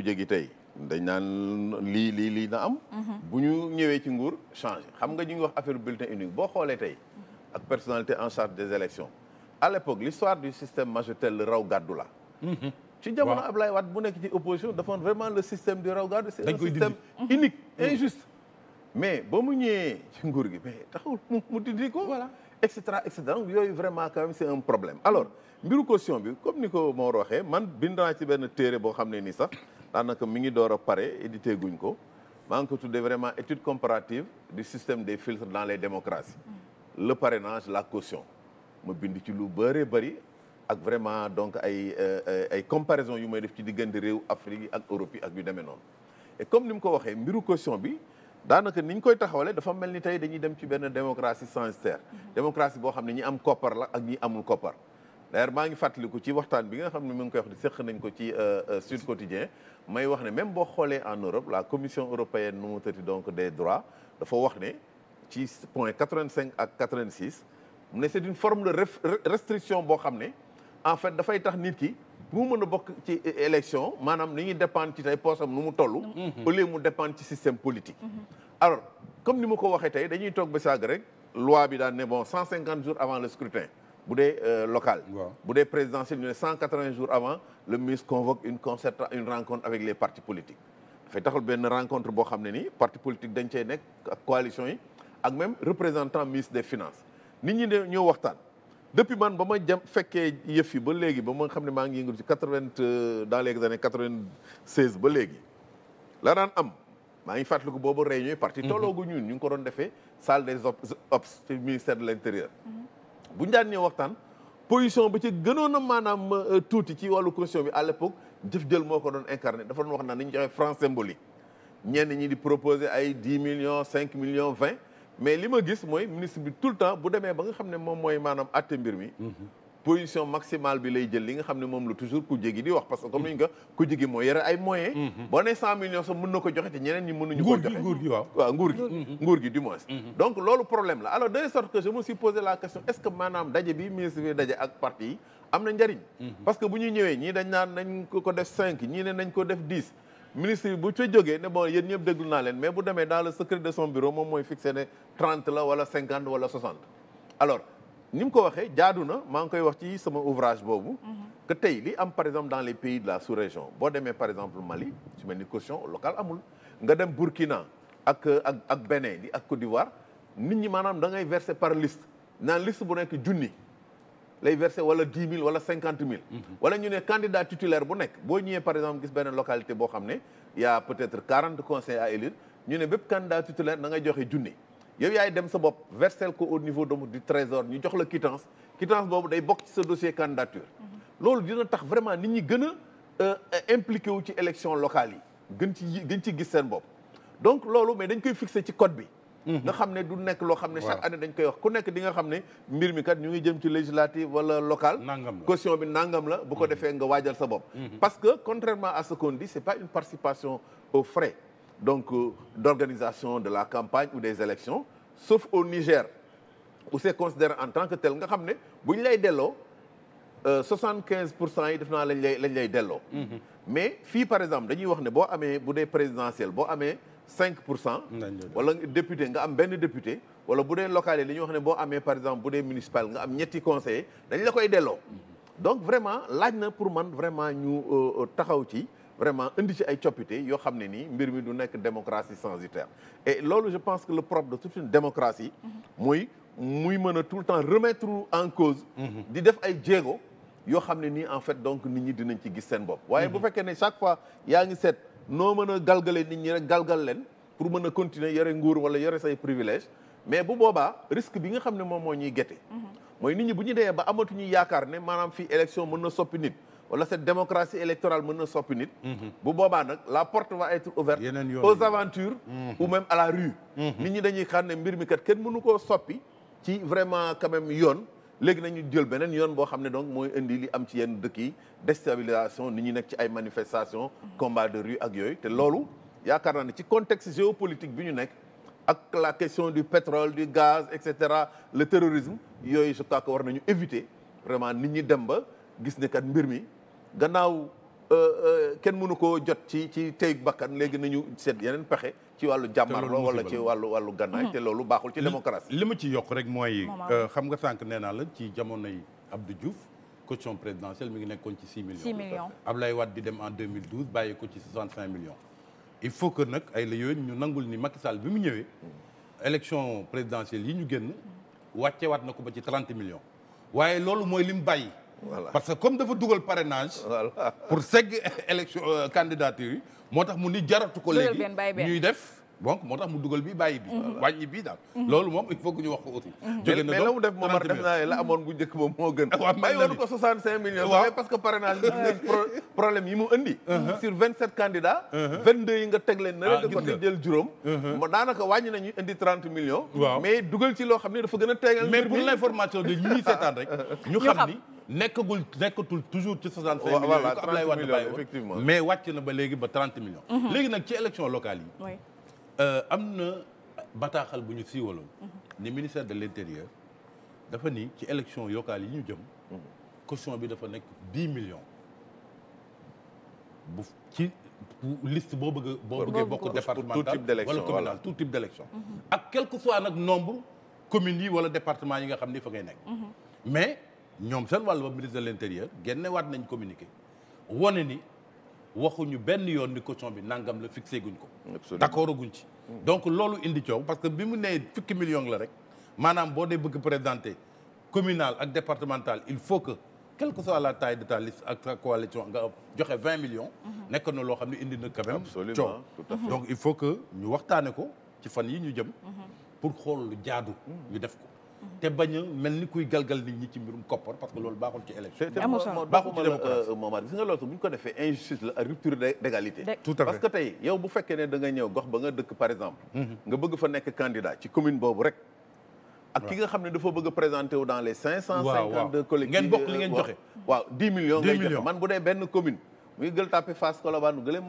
bu jegi tey dañ naan lii lii lii na am mhm. bu ñu ñëwee ci nguur changé xam nga ñu ngi wax affaire bulletin unique boo xoolee tey ak personnalité en charge des élections à l'époque l'histoire du système majoritaire le raw gàddu la mhm. ci jamono Ablaye Wade bu nekk ci opposition dafa vraiment le système du raw gàddu c'est un système mhm. unique injuste mais ba mu ñëwee ci nguur gi mais taxul mu dindi ko voilà et cetera et cetera yooyu vraiment quand même c'est un problème alors mbiru bi comme ni ko Mor waxee man bind naa ci benn téere boo xam ne nii sax daanaka mi ngi door a pare édité guñ ko maa ngi tuddee vraiment étude comparative du système de filtres dans les démocraties le parrainage la caution ma bind ci lu bëree bëri ak vraiment donc ay euh, ay comparaison yu may def ci diggante réew Afrique ak Europe yi ak yu demee noonu et comme ni mu ko waxee mbiru caution bi daanaka ni ñu koy taxawalee dafa mel ni tey dañuy dem ci benn démocratie censitaire démocratie boo xam ne ñi am koppar la ak ñi amul koppar d'ailleurs maa ngi fàttaliku ci waxtaan bi nga xam ne mu ngi koy wax di séq nañ ko ci euh, euh, Sud Quotidien may wax ne même boo xoolee en Europe la commission européenne nu mu tëti donc des droits dafa wax ne ci point 85 ak 86 mu ne c'est une forme de restriction boo xam ne en fait dafay tax nit ki bu mu mën a bokk ci e-, élection maanaam ni ñuy dépendre ci tey nu mu toll mhm. au mu dépendre ci système politique mhm. alors comme ni ma ko waxee tey dañuy toog ba sàgg rek bi daan ne bon 150 jours avant le scrutin bu dee euh, local bu dee présidentiel ñu ne cent quatre-vingts jours avant le ministre convoque une concertation une rencontre avec les partis politiques dafay taxal benn rencontre bo xam ne ni parti politique dañ ce nekk ak coalition yi ak même représentant ministre des finances nit ñi de ñoo waxtaan depuis man ba ma jam fekkee yëf yi ba léegi ba ma xam ne maa ngi yëngu ci quatre-vingt euh, dans les années quatre-vingt-seize ba léegi la daan am maa ngi fàttaliku boobu réunion yi parti mhm. tolloogu ñun ñu ngi ko doon defee salle des ops ci ministère de l'intérieur mhm. bu ñu daan nee waxtaan position ba ci gënoon a maanaam euh, tuuti ci wàllu question bi à l'époque jëf jël moo ko doon incarné dafa doon wax naan ni ñu joxe franc symbolique ñenn ñi di proposer ay dix millions cinq millions vingt mais li ma gis mooy ministre bi tout le temps bu demee ba nga xam ne moom mooy maanaam àtte mbir mi mhm. position maximale bi lay jël li nga xam ne moom la toujours ku jéggi di wax parce que comme ni ñu ko ku jéggi moo yore ay moyens mhm. boo nee cent millions sax mën na ko joxe te ñeneen ñi mënuñu ko joxe nguur gi du moins mhm. donc loolu problème la alors de sorte que je me suis posé la question est-ce que maanaam daje bi ministre bi daje ak parti yi am na njariñ mhm. parce que bu ñu ñëwee ñii dañ naan nañ ko def cinq ñii ne nañ ko def dix ministre bu ca naa leen mais bu demee dans le secret de son bureau ne trente ni mu ko waxee jaadu na maa ngi koy wax ci sama ouvrage boobu. Mhm. que tey li am par exemple dans les pays de la sous-région boo demee par exemple Mali su mel ni caution locale amul. nga dem Burkina ak ak ak Bénin di ak Côte d'Ivoire nit ñi maanaam da ngay verse par liste naan liste bu nekk junni lay verser wala dix mille mhm. wala ñu ne candidat titulaire bu nekk boo ñëwee par exemple gis benn localité boo xam ne y a peut-être quarante conseillers à élire ñu ne bépp candidat da ngay joxe junni. yow yaay dem sa bopp versel ko au niveau donc du trésor ñu jox la quittance quittance boobu day bokk ci sa dossier candidature mhm. loolu dina tax vraiment nit ñi gën a euh, impliqué wu ci élection locale yi gën ci gën ci gis seen bopp donc loolu mais dañ koy fixé ci code bi mhm. nga xam ne du nekk loo xam ne chaque année dañ koy wax ku nekk di nga xam ne mbir mi kat ñu ngi jëm ci législative wala locale question bi nangam la bu ko mhm. defee nga waajal sa bopp parce que contrairement à ce qu'on dit donc euh, d'organisation de la campagne ou des élections sauf au Niger où c'est considéré en tant que tel nga xam ne bu ñu lay delloo euh, soixante-quinze pour cent yi def naa lañ lay lañ lay delloo mhm. mais fi par exemple dañuy wax ne boo amee bu dee présidentielle boo amee cinq pour cent wala député nga am benn député wala bu dee locale yi li ñuy wax ne boo amee par exemple bu dee municipal nga am ñetti conseillers dañ la koy delloo mhm. donc vraiment laaj na pour man vraiment ñu euh, euh, taxaw ci vraiment indi ci ay coppite yoo xam ne nii mbir mi du nekk démocratie censitaire et loolu je pense que le propre de toute une démocratie mm-hmm. mooy muy mën a tout le temps remettre en cause mm-hmm. di def ay jéego yoo xam ne nii en fait donc nit ñi dinañ ci gis seen bopp waaye bu mm-hmm. fekkee ne chaque fois yaa ngi seet noo mën a galgale nit ñi rek galgal leen pour mën a continuer yore nguur wala yore say privilège mais bu boobaa risque bi nga xam ne moom moo ñuy gete mooy nit ñi bu ñu dee ba amatuñu yaakaar ne maanaam fii élection mën na soppi nit wala cette démocratie électorale mën na soppi nit. Mhm. bu boobaa nag la porte va être ouverte. aux aventures. Mhm. ou même à la rue. Mhm. nit ñi dañuy xam ne mbir mi kat kenn mënu koo soppi ci vraiment quand même yoon. léegi nañu jël beneen yoon boo xam ne donc mooy indi li am ci yenn dëkk yi déstabilisation nit ñi nekk ci ay manifestations. combat de rue ak yooyu te loolu yaakaar naa ne ci contexte géopolitique bi ñu nekk. ak la question du pétrole du gaz et cetera le terrorisme yooyu je crois que war nañu éviter vraiment nit ñi dem ba gis ne kat mbir mi. gannaaw euh, euh, kenn mënu koo jot ci ci teyug bakkan léegi nañu seet yeneen pexe ci wàllu jàmmarloo wala ci wàllu wàllu gannaay mm-hmm. te loolu baaxul ci démocratie li ma ci yokk rek mooy euh, xam nga sànq nee naa la ci jamonoy Abdou Diouf cotion présidentielle mi ngi nekkoon ci 6 millions 6 millions Ablaye Wade di dem en 2012 bàyyi ko ci 65 millions il faut que nag ay la yooyu ñu nangul ni Macky Sall bi mu ñëwee élection présidentielle yi ñu génn wàccewaat na ko ba ci 30 millions waaye loolu mooy li mu bàyyi voilà parce que comme dafa dugal parrainage. pour segg élection euh, candidature yi. moo tax mu ni jaratu ko léegi ñuy def. donc moo tax mu dugal bi bàyyi bi mhm. wàññi bii daal mhm. loolu moom il faut que ñu wax ko aussi mhm. jóge na mais la mu def moom def naa la amoon bu njëkk ba moo gën bàyyi woon ko 65 millions waaw parce que parrainage bi problème yi mu indi uh-huh. sur 27 candidats 22 uh-huh. yi nga teg leen na rek côté jël juróom uh-huh. ma daanaka wàññi nañu indi 30 millions waaw mais dugal ci loo xam ne dafa gën a teegal mais pour l'information de ñi seetaan rek ñu xam ni nekkagul nekkatul toujours ci 65 millions voilà 30 millions effectivement mais wàcc na ba léegi ba 30 millions. Mhm. léegi nag ci élection locale yi. Euh, am na bataaxal bu ñu siiwaloon. Mhm. ni ministère de l' dafa ni ci élection locale yi ñu jëm. Mhm. caution bi dafa nekk 10 millions. bu ci liste boo bëgg boo bëggee bokk départemental tout type d' élection wala communal tout type d' élection. ak quelque soit nag nombre commune yi wala département yi nga xam ni fa ngay nekk. ñoom seen wàllu ba ministre de l'intérieur génnewaat nañ communiqué wane ni waxuñu benn yoon ni caution bi nangam la fixé guñ ko. d'accord guñ ci. Mm. donc loolu indi coow parce que bi mu nee fukki million la rek maanaam boo dee bëgg présenter communal ak départemental il faut que quelle que soit la taille de ta liste ak ta coalition nga joxe vingt millions. Mm-hmm. nekk na loo xam ne indi na quand même. absolument tout à fait donc il faut que ñu waxtaane ko ci fan yi ñu jëm. Mm-hmm. pour xool lu jaadu. Mm. te bañ a mel ni kuy galgal nit ñi ci mbirum koppar parce que loolu baaxul ci élection. baaxul ci démocratie euh, euh, Momar gis nga loolu bu ñu ko defee injustice la ak rupture d'égalité. tout parce que tey yow bu fekkee ne da nga ñëw gox ba nga dëkk par exemple. Mhm. nga bëgg fa nekk candidat ci commune boobu rek. ak ki nga xam ne dafa bëgg a présenté wu dans les cinq cent cinquante deux collectivités bokk li ngeen euh, joxe waaw dix millions ngay joxe man bu dee benn commune muy Gueule Tapée Fass Colobane gële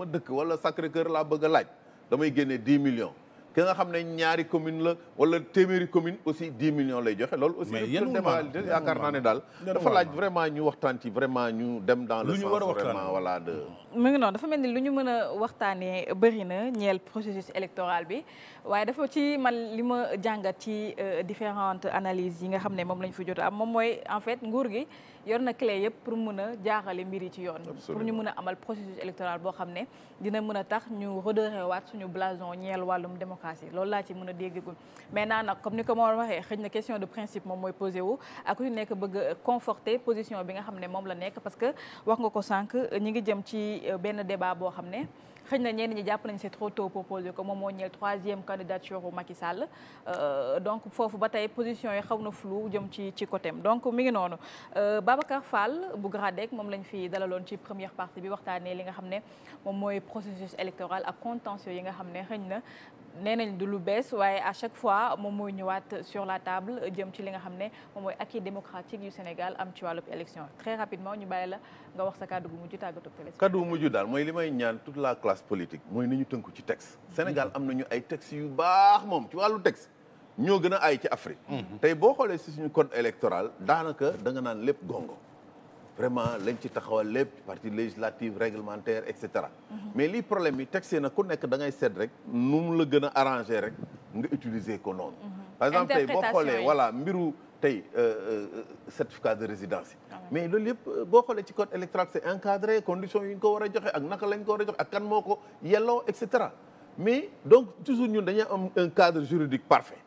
laa bëgg a laaj ki nga xam ne ñaari commune la wala téeméeri commune aussi dix millions lay joxe lool aussi démalité yaakaar naa ne ñu waxtaan ci vraiment ñu dem dans le sens vraiment voilà de mu ngi ni lu ñu mën a waxtaanee bëri na ñeel processus électoral bi waaye dafa ci man li ma jàngat ci euh, différentes analyses yi nga xam ne moom lañ fa jot am moom mooy en fait nguur gi yor na clé yëpp pour mën a jaaxale mbir yi ci yoon pour ñu mën a amal processus électoral boo xam ne dina mën a tax ñu redorer waat suñu blason ñeel wàllum démocratie démocratie loolu laa ci mën a déggagul maintenant nag comme ni ko moo waxee xëy na question de principe moom mooy posé ak ñu ne moom la nekk parce que wax nga ko sànq ñi ngi jëm euh, benn débat boo xam ne xëy na ñenn ñi jàpp nañu c'est trop tôt proposé ko moom moo ñeel troisième candidature u Macky Sall euh, donc foofu ba tey position yi xaw na flou jëm ci ci côté donc mi ngi noonu euh, Babacar Fall bu GRADEC moom lañ fi dalaloon ci première partie bi waxtaanee li nga xam ne moom mooy processus électoral ak contentieux yi nga xam ne xëy na nee nañ du lu bees waaye à chaque fois moom mooy ñëwaat sur la table jëm ci li nga xam ne moom mooy acquis démocratique yu Sénégal am ci wàllub élection très rapidement ñu bàyyi la nga wax sa kàddu gu mujj tàggatoo ak kàddu gu mujj daal mooy li may ñaan toute la classe politique mooy ni ñu tënku ci texte. Sénégal am nañu ay textes yu baax moom ci wàllu texte. ñoo gën a aay ci Afrique. Mm-hmm. tey boo xoolee si suñu code électoral daanaka danga naan lépp gongo. vraiment lañ ci taxawal lépp partie législative réglementaire et cetera. Mhm. mais lii problème bi texte na ku nekk da ngay seet rek nu mu la gën a arrangé rek nga utiliser ko noonu. Mhm. par exemple boo xoolee voilà mbiru tey euh, euh, euh, certificat de résidence yi. Ah mais loolu yëpp boo xoolee ci code électoral c'est encadré conditions yi ko war a joxe ak naka lañ ko war a joxe ak kan moo ko yelloo et cetera mais donc toujours ñun dañuy am un cadre juridique parfait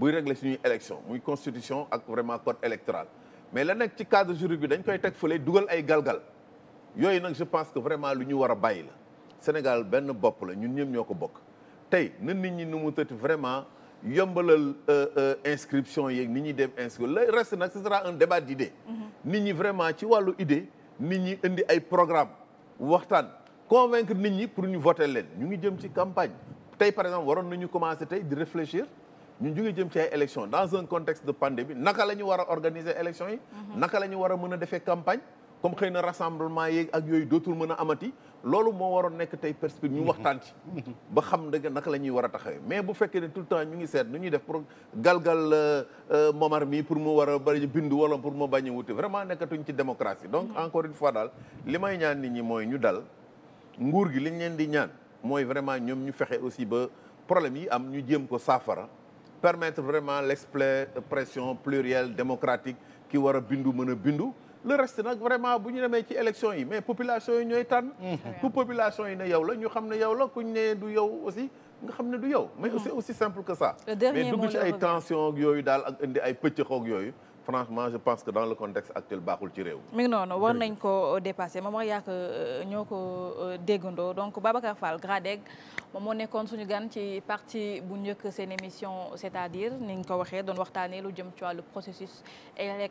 buy régler suñuy élection muy constitution ak vraiment code électoral. mais la nekk ci cadre juridique bi dañ koy teg fële dugal ay galgal yooyu nag je pense que vraiment lu ñu war a bàyyi la Sénégal benn bopp la ñun ñëpp ñoo ko bokk tey na nit ñi nu mu tëti vraiment yombalal euh, euh, inscription yeeg nit ñi dem inscrire le reste nag ce sera un débat d'idées mm-hmm. nit ñi vraiment ci wàllu idée nit ñi indi ay programme waxtaan convaincre nit ñi pour ñu voter leen ñu ngi jëm ci campagne tey par exemple waroon ñu commencer tey di réfléchir ñu jóge jëm ci ay élection dans un contexte de pandémie naka la ñu war a organiser élection yi mhm. naka la ñu war a mën a defee campagne comme xëy na rassemblement yi ak yooyu dootul mën a amati loolu moo waroon nekk tey perspective ñu mhm. waxtaan ci ba xam dëgg naka la ñuy war a taxawee mais bu fekkee ne tout le temps ñu ngi seet nu ñuy def pour galgal euh, euh, momar mii pour mu war a bañ bindu wala pour mu bañ a wuti vraiment nekkatuñ ci démocratie donc mhm. encore une fois daal li ñaan nit ñi mooy ñu dal nguur gi liñ leen di ñaan mooy vraiment ñoom ñu fexe aussi ba problème yi am ñu jéem ko saafara permettre vraiment pression plurielle démocratique ki war a bindu mën a bindu le reste nag vraiment bu ñu ne demee ci élection yi mais population yi ñooy tànn mm-hmm. ku population yi ne yow la ñu xam ne yow la kuñ ne du yow aussi nga xam ne du yow mais mm-hmm. c'est aussi simple que ça mais dugg ci ay tension yooyu daal ak indi ay pëccëxoog yooyu franchement je pense que dans le contexte actuel baaxul ci réew. mi ngi noonu war nañ ko euh, dépassé moom wax yàq euh, ñoo ko euh, déggandoo donc Babacar Fall Gradeg moom moo nekkoon suñu gan ci partie bu njëkk seen émission c'est-à-dire ni ko waxee doon waxtaanee lu jëm ci wàllu processus électoral